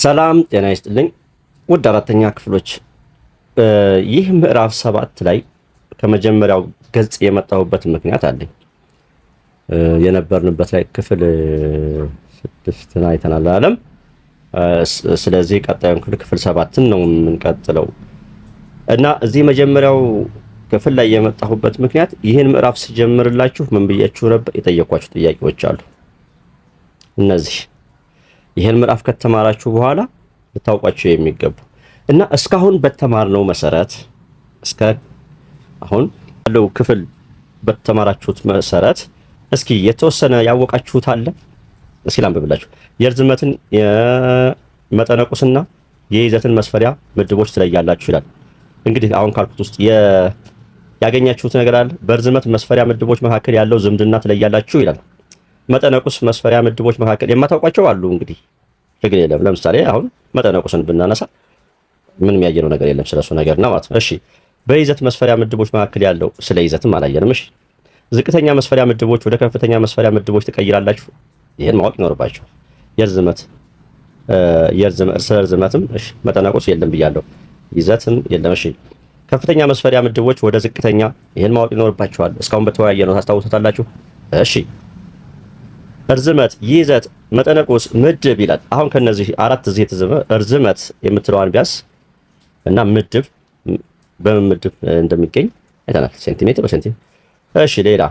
ሰላም ጤና ይስጥልኝ ውድ አራተኛ ክፍሎች፣ ይህ ምዕራፍ ሰባት ላይ ከመጀመሪያው ገጽ የመጣሁበት ምክንያት አለኝ። የነበርንበት ላይ ክፍል ስድስትን አይተናል አለም። ስለዚህ ቀጣዩን ክፍል ክፍል ሰባትን ነው የምንቀጥለው እና እዚህ መጀመሪያው ክፍል ላይ የመጣሁበት ምክንያት ይህን ምዕራፍ ስጀምርላችሁ ምን ብያችሁ ነበር? የጠየኳችሁ ጥያቄዎች አሉ እነዚህ ይህን ምዕራፍ ከተማራችሁ በኋላ ልታውቋቸው የሚገቡ እና እስካሁን በተማርነው መሰረት እስከ አሁን ያለው ክፍል በተማራችሁት መሰረት እስኪ የተወሰነ ያወቃችሁት አለ? እስኪ ላንብብላችሁ። የርዝመትን የመጠነቁስና የይዘትን መስፈሪያ ምድቦች ትለያላችሁ ይላል። እንግዲህ አሁን ካልኩት ውስጥ ያገኛችሁት ነገር አለ? በርዝመት መስፈሪያ ምድቦች መካከል ያለው ዝምድና ትለያላችሁ ይላል። መጠነቁስ መስፈሪያ ምድቦች መካከል የማታውቋቸው አሉ። እንግዲህ ችግር የለም። ለምሳሌ አሁን መጠነቁስን ብናነሳ ምን የሚያየነው ነገር የለም ስለሱ ነገር ነው ማለት ነው። እሺ በይዘት መስፈሪያ ምድቦች መካከል ያለው ስለ ይዘትም አላየንም። እሺ ዝቅተኛ መስፈሪያ ምድቦች ወደ ከፍተኛ መስፈሪያ ምድቦች ትቀይራላችሁ። ይህን ማወቅ ይኖርባችሁ። የርዝመት ስለ እሺ መጠነቁስ የለም ብያለሁ። ይዘትም የለም። እሺ ከፍተኛ መስፈሪያ ምድቦች ወደ ዝቅተኛ ይህን ማወቅ ይኖርባችኋል። እስካሁን በተወያየነው ነው እሺ እርዝመት፣ ይዘት፣ መጠነቁስ፣ ምድብ ይላል። አሁን ከነዚህ አራት እዚህ የተዘመ እርዝመት የምትለዋን ቢያስ እና ምድብ በምን ምድብ እንደሚገኝ አይተናል። ሴንቲሜትር በሴንቲሜትር እሺ። ሌላ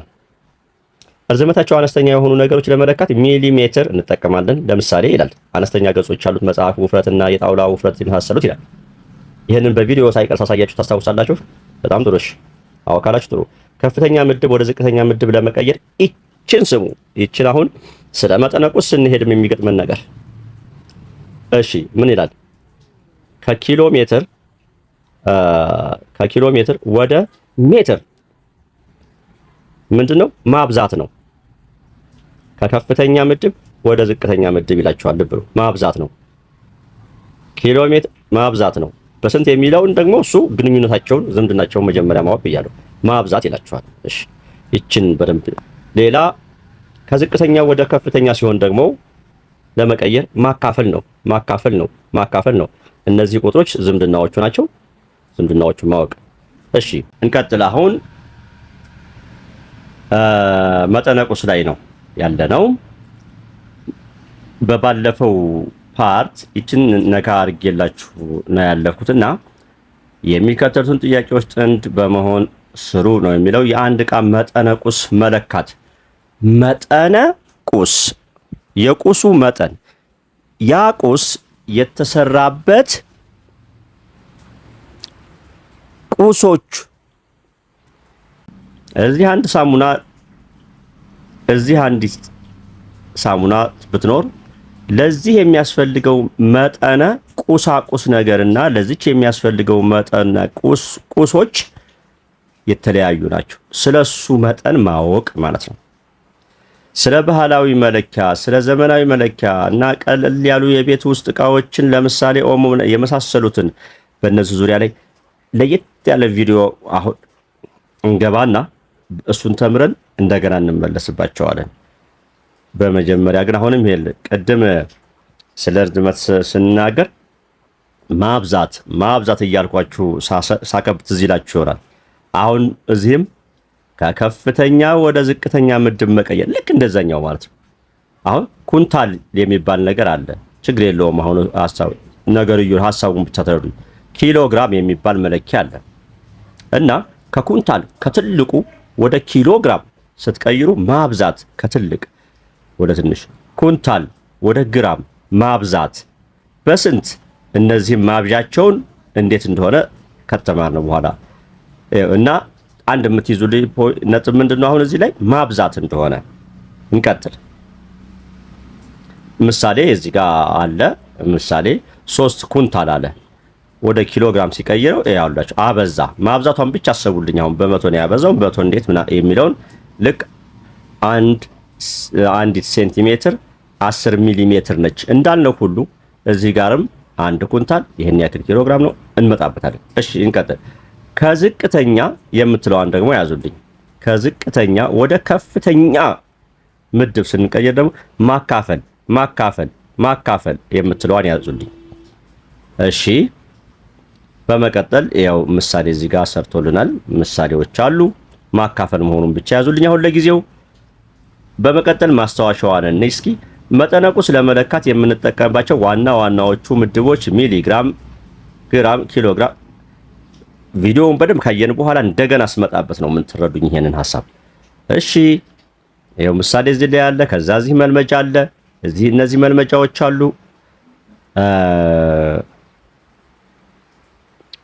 እርዝመታቸው አነስተኛ የሆኑ ነገሮች ለመለካት ሚሊሜትር እንጠቀማለን። ለምሳሌ ይላል አነስተኛ ገጾች ያሉት መጽሐፍ ውፍረትና የጣውላ ውፍረት የመሳሰሉት ይላል። ይህንን በቪዲዮ ሳይቀር ሳሳያችሁ ታስታውሳላችሁ። በጣም ጥሩ እሺ። አዎ ካላችሁ ጥሩ። ከፍተኛ ምድብ ወደ ዝቅተኛ ምድብ ለመቀየር ይችን ስሙ። ይችን አሁን ስለ መጠነቁስ ስንሄድም የሚገጥመን ነገር እሺ፣ ምን ይላል? ከኪሎ ሜትር ከኪሎ ሜትር ወደ ሜትር ምንድን ነው ማብዛት ነው። ከከፍተኛ ምድብ ወደ ዝቅተኛ ምድብ ይላቸዋል። ልብ ነው ማብዛት ነው። ኪሎ ሜትር ማብዛት ነው። በስንት የሚለውን ደግሞ እሱ ግንኙነታቸውን ዝምድናቸውን መጀመሪያ ማወቅ ብያለሁ። ማብዛት ይላቸዋል። እሺ ይችን በደንብ ሌላ ከዝቅተኛ ወደ ከፍተኛ ሲሆን ደግሞ ለመቀየር ማካፈል ነው ማካፈል ነው ማካፈል ነው። እነዚህ ቁጥሮች ዝምድናዎቹ ናቸው። ዝምድናዎቹ ማወቅ። እሺ እንቀጥል። አሁን መጠነ ቁስ ላይ ነው ያለ ነው። በባለፈው ፓርት ይችን ነካ አድርጌላችሁ ነው ያለፍኩትና የሚከተሉትን ጥያቄዎች ጥንድ በመሆን ስሩ ነው የሚለው የአንድ ዕቃ መጠነ ቁስ መለካት መጠነ ቁስ የቁሱ መጠን ያ ቁስ የተሰራበት ቁሶች እዚህ አንድ ሳሙና እዚህ አንዲት ሳሙና ብትኖር ለዚህ የሚያስፈልገው መጠነ ቁሳቁስ ነገርና ለዚች የሚያስፈልገው መጠነ ቁሶች የተለያዩ ናቸው። ስለሱ መጠን ማወቅ ማለት ነው። ስለ ባህላዊ መለኪያ፣ ስለ ዘመናዊ መለኪያ እና ቀለል ያሉ የቤት ውስጥ እቃዎችን ለምሳሌ ኦሞ የመሳሰሉትን በእነዚህ ዙሪያ ላይ ለየት ያለ ቪዲዮ አሁን እንገባና እሱን ተምረን እንደገና እንመለስባቸዋለን። በመጀመሪያ ግን አሁንም ይሄ ቅድም ስለ ርዝመት ስናገር ማብዛት ማብዛት እያልኳችሁ ሳከብት እዚህ ላችሁ ይሆናል። አሁን እዚህም ከከፍተኛ ወደ ዝቅተኛ ምድብ መቀየር ልክ እንደዛኛው ማለት ነው። አሁን ኩንታል የሚባል ነገር አለ። ችግር የለውም። አሁን ሀሳብ እዩ፣ ሀሳቡን ብቻ ተረዱ። ኪሎግራም የሚባል መለኪያ አለ እና ከኩንታል ከትልቁ ወደ ኪሎግራም ስትቀይሩ ማብዛት ከትልቅ ወደ ትንሽ ኩንታል ወደ ግራም ማብዛት በስንት እነዚህም ማብዣቸውን እንዴት እንደሆነ ነው በኋላ እና አንድ የምትይዙ ነጥብ ምንድን ነው? አሁን እዚህ ላይ ማብዛት እንደሆነ እንቀጥል። ምሳሌ እዚህ ጋር አለ። ምሳሌ ሶስት ኩንታል አለ። ወደ ኪሎ ግራም ሲቀይረው ያውላችሁ አበዛ። ማብዛቷን ብቻ አሰቡልኝ። አሁን በመቶ ነው ያበዛው። በመቶ እንዴት የሚለውን ልክ አንድ አንዲት ሴንቲሜትር 10 ሚሊ ሜትር ነች እንዳልነው ሁሉ እዚህ ጋርም አንድ ኩንታል ይህን ያክል ኪሎ ግራም ነው። እንመጣበታለን። እሺ እንቀጥል። ከዝቅተኛ የምትለዋን ደግሞ ያዙልኝ። ከዝቅተኛ ወደ ከፍተኛ ምድብ ስንቀየር ደግሞ ማካፈል ማካፈል ማካፈል የምትለዋን ያዙልኝ። እሺ በመቀጠል ያው ምሳሌ እዚህ ጋር ሰርቶልናል። ምሳሌዎች አሉ። ማካፈል መሆኑን ብቻ ያዙልኝ አሁን ለጊዜው። በመቀጠል ማስታወሻዋን እኔ እስኪ መጠነቁ ለመለካት የምንጠቀምባቸው ዋና ዋናዎቹ ምድቦች ሚሊግራም፣ ግራም፣ ኪሎግራም ቪዲዮውን በደንብ ካየን በኋላ እንደገና ስመጣበት ነው የምትረዱኝ ይሄንን ሀሳብ። እሺ ይኸው ምሳሌ እዚህ ላይ አለ። ከዛ እዚህ መልመጃ አለ። እዚህ እነዚህ መልመጃዎች አሉ።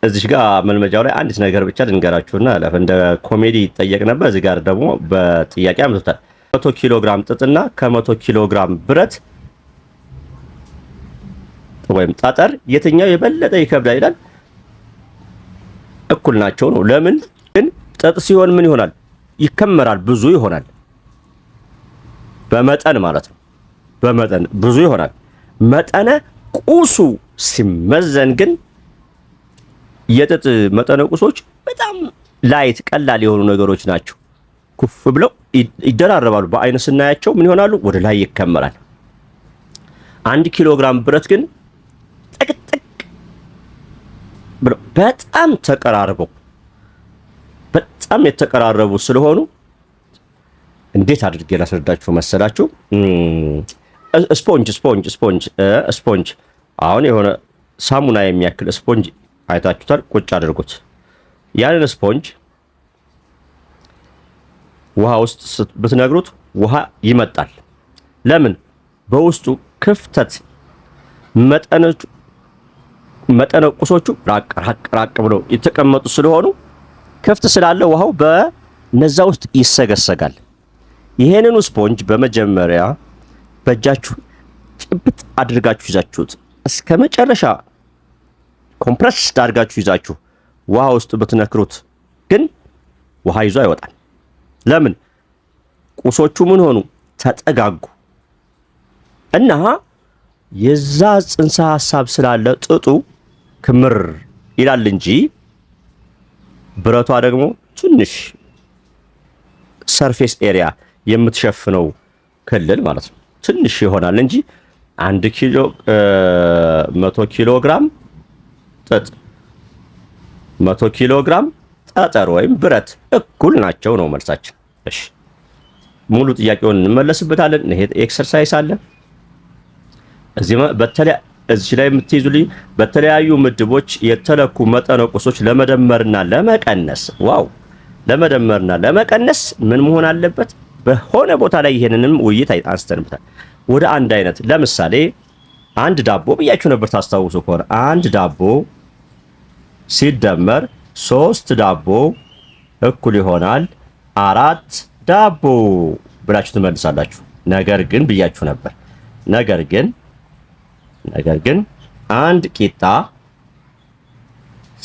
እዚህ ጋር መልመጃው ላይ አንዲት ነገር ብቻ ልንገራችሁና ለፈ እንደ ኮሜዲ ይጠየቅ ነበር። እዚህ ጋር ደግሞ በጥያቄ አምጥቶታል። መቶ ኪሎ ግራም ጥጥና ከመቶ ኪሎ ግራም ብረት ወይም ጠጠር የትኛው የበለጠ ይከብዳል ይላል። እኩል ናቸው ነው። ለምን ግን ጥጥ ሲሆን ምን ይሆናል? ይከመራል፣ ብዙ ይሆናል። በመጠን ማለት ነው። በመጠን ብዙ ይሆናል። መጠነ ቁሱ ሲመዘን ግን የጥጥ መጠነ ቁሶች በጣም ላይት ቀላል የሆኑ ነገሮች ናቸው። ኩፍ ብለው ይደራረባሉ። በአይን ስናያቸው ምን ይሆናሉ? ወደ ላይ ይከመራል። አንድ ኪሎ ግራም ብረት ግን ብለው በጣም ተቀራርበው በጣም የተቀራረቡ ስለሆኑ እንዴት አድርጌ ላስረዳችሁ መሰላችሁ? ስፖንጅ ስፖንጅ ስፖንጅ ስፖንጅ አሁን የሆነ ሳሙና የሚያክል ስፖንጅ አይታችሁታል። ቁጭ አድርጉት። ያንን ስፖንጅ ውሃ ውስጥ ብትነግሩት ውሃ ይመጣል። ለምን? በውስጡ ክፍተት መጠኖች መጠነ ቁሶቹ ራቅ ራቅ ራቅ ብለው የተቀመጡ ስለሆኑ ክፍት ስላለ ውሃው በነዛ ውስጥ ይሰገሰጋል። ይሄንኑ ስፖንጅ በመጀመሪያ በእጃችሁ ጭብጥ አድርጋችሁ ይዛችሁት እስከ መጨረሻ ኮምፕረስ አድርጋችሁ ይዛችሁ ውሃ ውስጥ ብትነክሩት ግን ውሃ ይዞ አይወጣል። ለምን? ቁሶቹ ምን ሆኑ? ተጠጋጉ እና የዛ ጽንሰ ሐሳብ ስላለ ጥጡ ክምር ይላል እንጂ ብረቷ ደግሞ ትንሽ ሰርፌስ ኤሪያ የምትሸፍነው ክልል ማለት ነው ትንሽ ይሆናል እንጂ አንድ ኪሎ መቶ ኪሎ ግራም ጥጥ መቶ ኪሎ ግራም ጠጠር ወይም ብረት እኩል ናቸው ነው መልሳችን። እሺ ሙሉ ጥያቄውን እንመለስበታለን። ይሄ ኤክሰርሳይስ አለ እዚህ በተለያ እዚህ ላይ የምትይዙልኝ በተለያዩ ምድቦች የተለኩ መጠነ ቁሶች ለመደመርና ለመቀነስ ዋው ለመደመርና ለመቀነስ ምን መሆን አለበት? በሆነ ቦታ ላይ ይሄንንም ውይይት አንስተንበታል። ወደ አንድ አይነት ለምሳሌ አንድ ዳቦ ብያችሁ ነበር ታስታውሱ ከሆነ አንድ ዳቦ ሲደመር ሶስት ዳቦ እኩል ይሆናል አራት ዳቦ ብላችሁ ትመልሳላችሁ። ነገር ግን ብያችሁ ነበር ነገር ግን ነገር ግን አንድ ቂጣ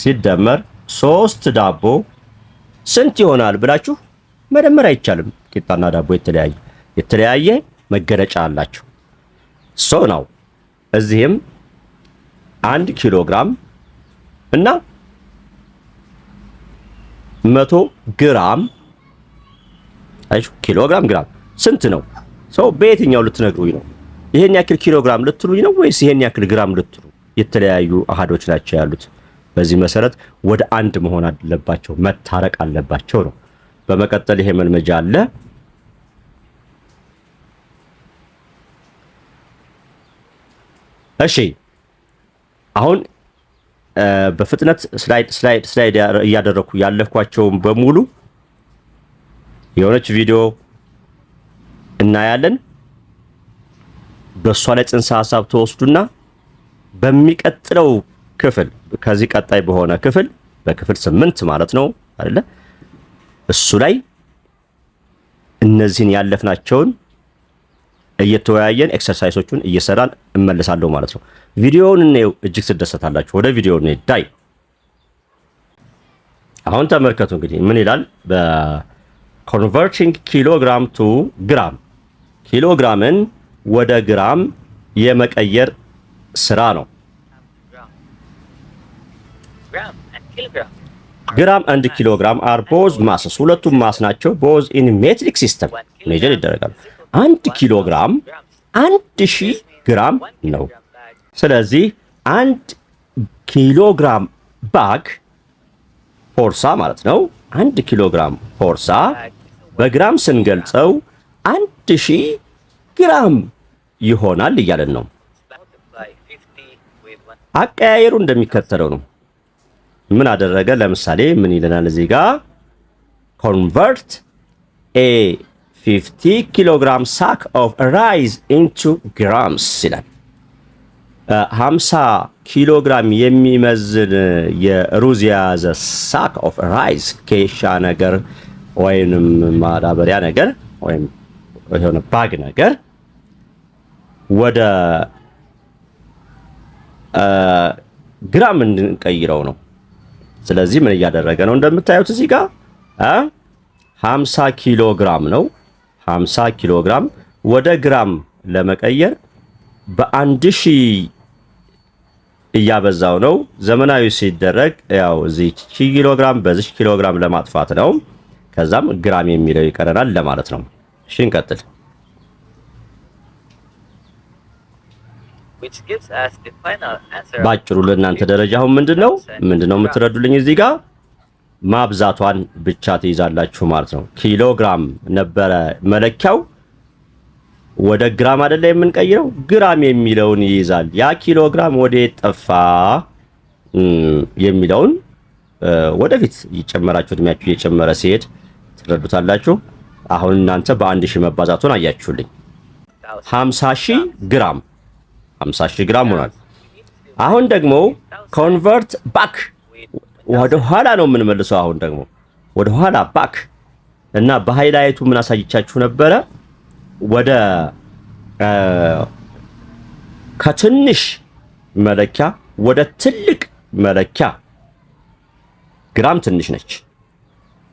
ሲደመር ሶስት ዳቦ ስንት ይሆናል ብላችሁ መደመር አይቻልም። ቂጣና ዳቦ የተለያየ የተለያየ መገለጫ አላቸው። ሶ ነው። እዚህም አንድ ኪሎ ግራም እና መቶ ግራም ኪሎ ግራም ግራም ስንት ነው? ሰው በየትኛው ልትነግሩኝ ነው? ይሄን ያክል ኪሎ ግራም ልትሉኝ ነው ወይስ ይሄን ያክል ግራም ልትሉ? የተለያዩ አሃዶች ናቸው ያሉት። በዚህ መሰረት ወደ አንድ መሆን አለባቸው፣ መታረቅ አለባቸው ነው። በመቀጠል ይሄ መልመጃ አለ። እሺ አሁን በፍጥነት ስላይድ ስላይድ ስላይድ እያደረኩ ያለኳቸው በሙሉ የሆነች ቪዲዮ እናያለን። በእሷ ላይ ጽንሰ ሀሳብ ተወስዱና በሚቀጥለው ክፍል ከዚህ ቀጣይ በሆነ ክፍል በክፍል ስምንት ማለት ነው አይደለ? እሱ ላይ እነዚህን ያለፍናቸውን እየተወያየን ኤክሰርሳይሶቹን እየሰራን እመለሳለሁ ማለት ነው። ቪዲዮውን እንየው፣ እጅግ ትደሰታላችሁ። ወደ ቪዲዮ ዳይ አሁን ተመልከቱ እንግዲህ ምን ይላል በኮንቨርቲንግ ኪሎግራም ቱ ግራም ኪሎግራምን ወደ ግራም የመቀየር ስራ ነው። ግራም አንድ ኪሎ ግራም አር ቦዝ ማስስ ሁለቱም ማስ ናቸው። ቦዝ ኢን ሜትሪክ ሲስተም ሜጀር ይደረጋሉ። አንድ ኪሎ ግራም አንድ ሺህ ግራም ነው። ስለዚህ አንድ ኪሎ ግራም ባግ ፖርሳ ማለት ነው። አንድ ኪሎ ግራም ፖርሳ በግራም ስንገልጸው አንድ ሺህ ግራም ይሆናል እያለን ነው። አቀያየሩ እንደሚከተለው ነው። ምን አደረገ? ለምሳሌ ምን ይለናል እዚህ ጋር ኮንቨርት ኤ 50 ኪሎ ግራም ሳክ ኦፍ ራይዝ ኢንቱ ግራምስ ይላል። 50 ኪሎ የሚመዝን የሩዝ የያዘ ሳክ ኦፍ ራይዝ ኬሻ ነገር ወይንም ማዳበሪያ ነገር ወይም የሆነ ባግ ነገር ወደ ግራም እንድንቀይረው ነው። ስለዚህ ምን እያደረገ ነው? እንደምታዩት እዚህ ጋር 50 ኪሎ ግራም ነው። 50 ኪሎ ግራም ወደ ግራም ለመቀየር በአንድ ሺህ እያበዛው ነው። ዘመናዊ ሲደረግ ያው እዚህ ኪሎ ግራም በዚህ ኪሎ ግራም ለማጥፋት ነው። ከዛም ግራም የሚለው ይቀረናል ለማለት ነው። እሺ እንቀጥል። ባጭሩ ለእናንተ አሁን ምንድነው ምንድነው የምትረዱልኝ እዚህ ጋር ማብዛቷን ብቻ ትይዛላችሁ ማለት ነው። ኪሎግራም ነበረ መለኪያው ወደ ግራም አይደለ የምንቀይረው፣ ግራም የሚለውን ይይዛል። ያ ኪሎግራም ወደ ጠፋ የሚለውን ወደፊት እየጨመራችሁ እድሜያችሁ እየጨመረ ሲሄድ ትረዱታላችሁ። አሁን እናንተ በአንድ ሺህ መባዛቱን አያችሁልኝ። 50 ሺህ ግራም 50 ሺህ ግራም ሆኗል። አሁን ደግሞ ኮንቨርት ባክ ወደ ኋላ ነው የምንመልሰው። አሁን ደግሞ ወደ ኋላ ባክ እና በሃይላይቱ ምን አሳይቻችሁ ነበረ? ወደ ከትንሽ መለኪያ ወደ ትልቅ መለኪያ ግራም ትንሽ ነች፣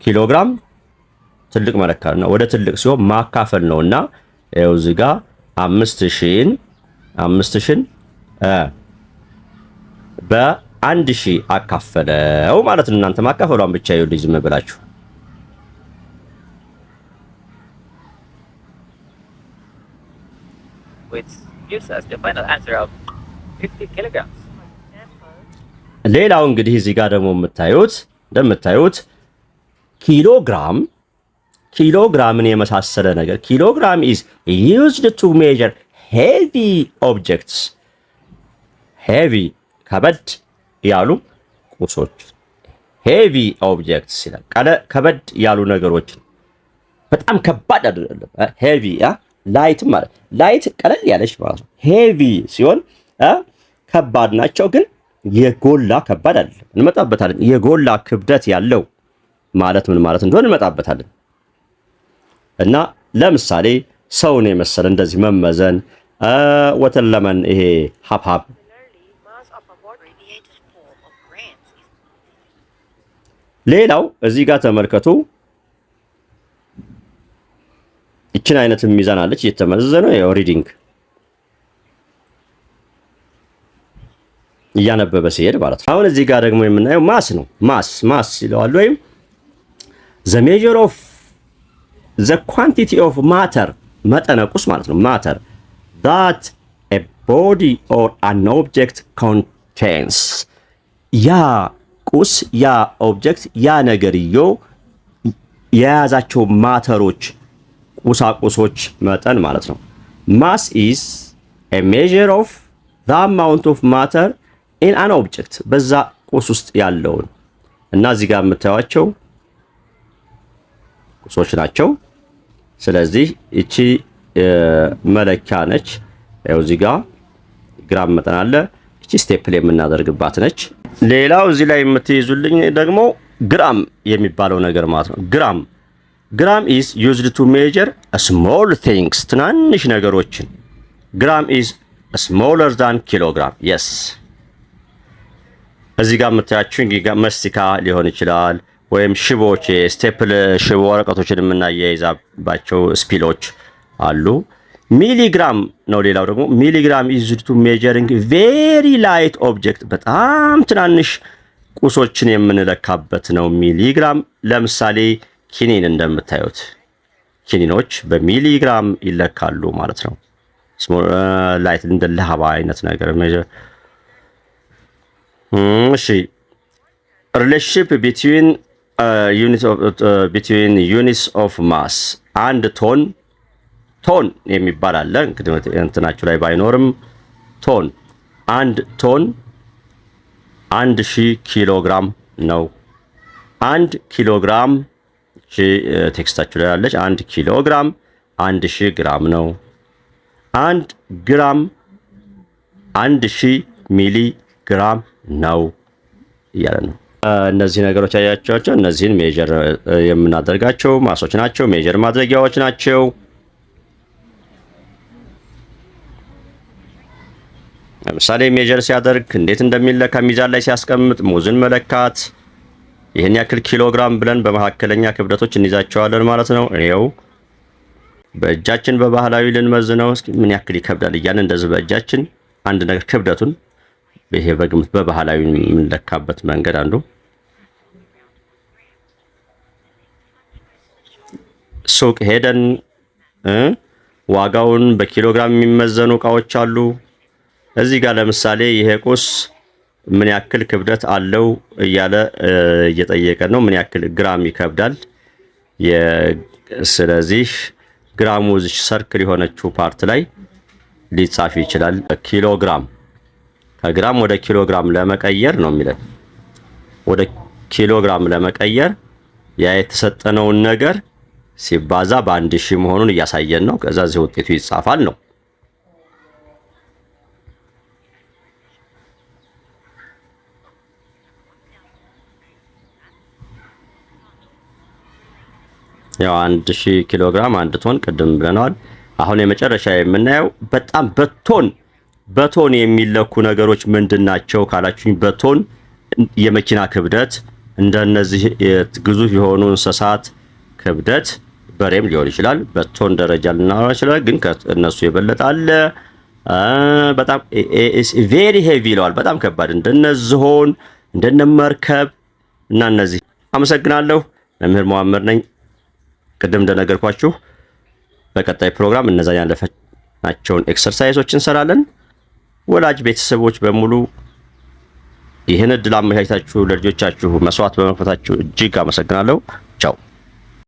ኪሎግራም ትልቅ መለካት ነው። ወደ ትልቅ ሲሆን ማካፈል ነውና ይኸው እዚህ ጋር አምስት ሺህን አምስት በአንድ ሺህ አካፈለው ማለት ነው። እናንተ ማካፈሏን ብቻ ይኸውልኝ ዝም ብላችሁ ሌላው እንግዲህ እዚህ ጋር ደግሞ የምታዩት እንደምታዩት ኪሎግራም ኪሎግራምን የመሳሰለ ነገር ኪሎግራም ኢዝ ዩዝድ ቱ ሜዥር ሄቪ ኦብጀክትስ ሄቪ ከበድ ያሉ ቁሶች ሄቪ ኦብጀክትስ ይላል። ከበድ ያሉ ነገሮችን በጣም ከባድ አይደለም። ሄቪ ላይት ማለት ላይት ቀለል ያለች ማለት ነው። ሄቪ ሲሆን ከባድ ናቸው፣ ግን የጎላ ከባድ አይደለም። እንመጣበታለን። የጎላ ክብደት ያለው ማለት ምን ማለት እንደሆነ እንመጣበታለን። እና ለምሳሌ ሰውን የመሰለ እንደዚህ መመዘን ወተን ለመን ይሄ ሀብሀብ ሌላው እዚህ ጋር ተመልከቱ። ይችን አይነት ሚዛን አለች እየተመዘዘ ነው። ሪዲንግ እያነበበ ሲሄድ ማለት ነው። አሁን እዚህ ጋር ደግሞ የምናየው ማስ ነው። ማስ ማስ ይለዋል ወይም ዘ ኦፍ ዘ ኳንቲቲ ኦፍ ማተር መጠነ ቁስ ማለት ነው ማተር ዛት ኤ ቦዲ ኦር አን ኦብጀክት ኮንቴንስ ያ ቁስ ያ ኦብጀክት ያ ነገርዮ የያዛቸው ማተሮች ቁሳቁሶች መጠን ማለት ነው። ማስ ኢዝ ኤ ሜዥር ኦፍ ዘ አማውንት ኦፍ ማተር ኢን አን ኦብጀክት በዛ ቁስ ውስጥ ያለውን እና እዚህ ጋር የምታዩቸው ቁሶች ናቸው። ስለዚህ እቺ መለኪያ ነች። ያው እዚህ ጋር ግራም መጠን አለ። እቺ ስቴፕል የምናደርግባት ነች። ሌላው እዚህ ላይ የምትይዙልኝ ደግሞ ግራም የሚባለው ነገር ማለት ነው። ግራም ግራም ኢዝ ዩዝድ ቱ ሜጀር ስሞል ቲንግስ ትናንሽ ነገሮችን። ግራም ኢዝ ስሞለር ዛን ኪሎግራም። የስ እዚህ ጋር የምታያችሁ መስቲካ ሊሆን ይችላል ወይም ሽቦዎች የስቴፕል ሽቦ ወረቀቶችን የምናያይዛባቸው ስፒሎች አሉ። ሚሊግራም ነው። ሌላው ደግሞ ሚሊግራም ኢዝድ ቱ ሜጀሪንግ ቬሪ ላይት ኦብጀክት፣ በጣም ትናንሽ ቁሶችን የምንለካበት ነው ሚሊግራም። ለምሳሌ ኪኒን እንደምታዩት ኪኒኖች በሚሊግራም ይለካሉ ማለት ነው። ላይት እንደ ለሃባ አይነት ነገር እሺ ሪሌሽንሽፕ ቢትዊን ቢትዊን ዩኒስ ኦፍ ማስ አንድ ቶን ቶን የሚባል አለ። እንግዲህ እንትናችሁ ላይ ባይኖርም ቶን አንድ ቶን አንድ ሺህ ኪሎ ግራም ነው። አንድ ኪሎ ግራም ቴክስታችሁ ላይ አለች። አንድ ኪሎ ግራም አንድ ሺህ ግራም ነው። አንድ ግራም አንድ ሺህ ሚሊ ግራም ነው እያለ ነው። እነዚህ ነገሮች ያያቸዋቸው እነዚህን ሜጀር የምናደርጋቸው ማሶች ናቸው፣ ሜጀር ማድረጊያዎች ናቸው። ለምሳሌ ሜጀር ሲያደርግ እንዴት እንደሚለካ ሚዛን ላይ ሲያስቀምጥ ሙዝን መለካት ይህን ያክል ኪሎ ግራም ብለን በመካከለኛ ክብደቶች እንይዛቸዋለን ማለት ነው። ይኸው በእጃችን በባህላዊ ልንመዝነው እስኪ ምን ያክል ይከብዳል እያን እንደዚህ በእጃችን አንድ ነገር ክብደቱን ይሄ በግምት በባህላዊ የምንለካበት መንገድ አንዱ ሱቅ ሄደን ዋጋውን በኪሎግራም የሚመዘኑ እቃዎች አሉ። እዚህ ጋር ለምሳሌ ይሄ ቁስ ምን ያክል ክብደት አለው እያለ እየጠየቀ ነው። ምን ያክል ግራም ይከብዳል? ስለዚህ ግራሙ ሰርክል የሆነችው ፓርት ላይ ሊጻፍ ይችላል ኪሎግራም ከግራም ወደ ኪሎግራም ለመቀየር ነው የሚለን። ወደ ኪሎግራም ለመቀየር ያ የተሰጠነውን ነገር ሲባዛ በአንድ ሺህ መሆኑን እያሳየን ነው። ከዛ እዚህ ውጤቱ ይጻፋል ነው። ያው አንድ ሺህ ኪሎግራም አንድ ቶን ቅድም ብለነዋል። አሁን የመጨረሻ የምናየው በጣም በቶን በቶን የሚለኩ ነገሮች ምንድን ናቸው ካላችሁኝ፣ በቶን የመኪና ክብደት እንደነዚህ ግዙፍ የሆኑ እንስሳት ክብደት በሬም ሊሆን ይችላል። በቶን ደረጃ ልናወራ ይችላል፣ ግን ከእነሱ የበለጠ አለ። በጣም ቬሪ ሄቪ ይለዋል፣ በጣም ከባድ እንደነ ዝሆን እንደነ መርከብ እና እነዚህ። አመሰግናለሁ። መምህር መዋምር ነኝ። ቅድም እንደነገርኳችሁ በቀጣይ ፕሮግራም እነዛን ያለፈናቸውን ኤክሰርሳይሶች እንሰራለን። ወላጅ ቤተሰቦች በሙሉ ይህን እድል አመቻችታችሁ ለልጆቻችሁ መስዋዕት በመክፈታችሁ እጅግ አመሰግናለሁ። ቻው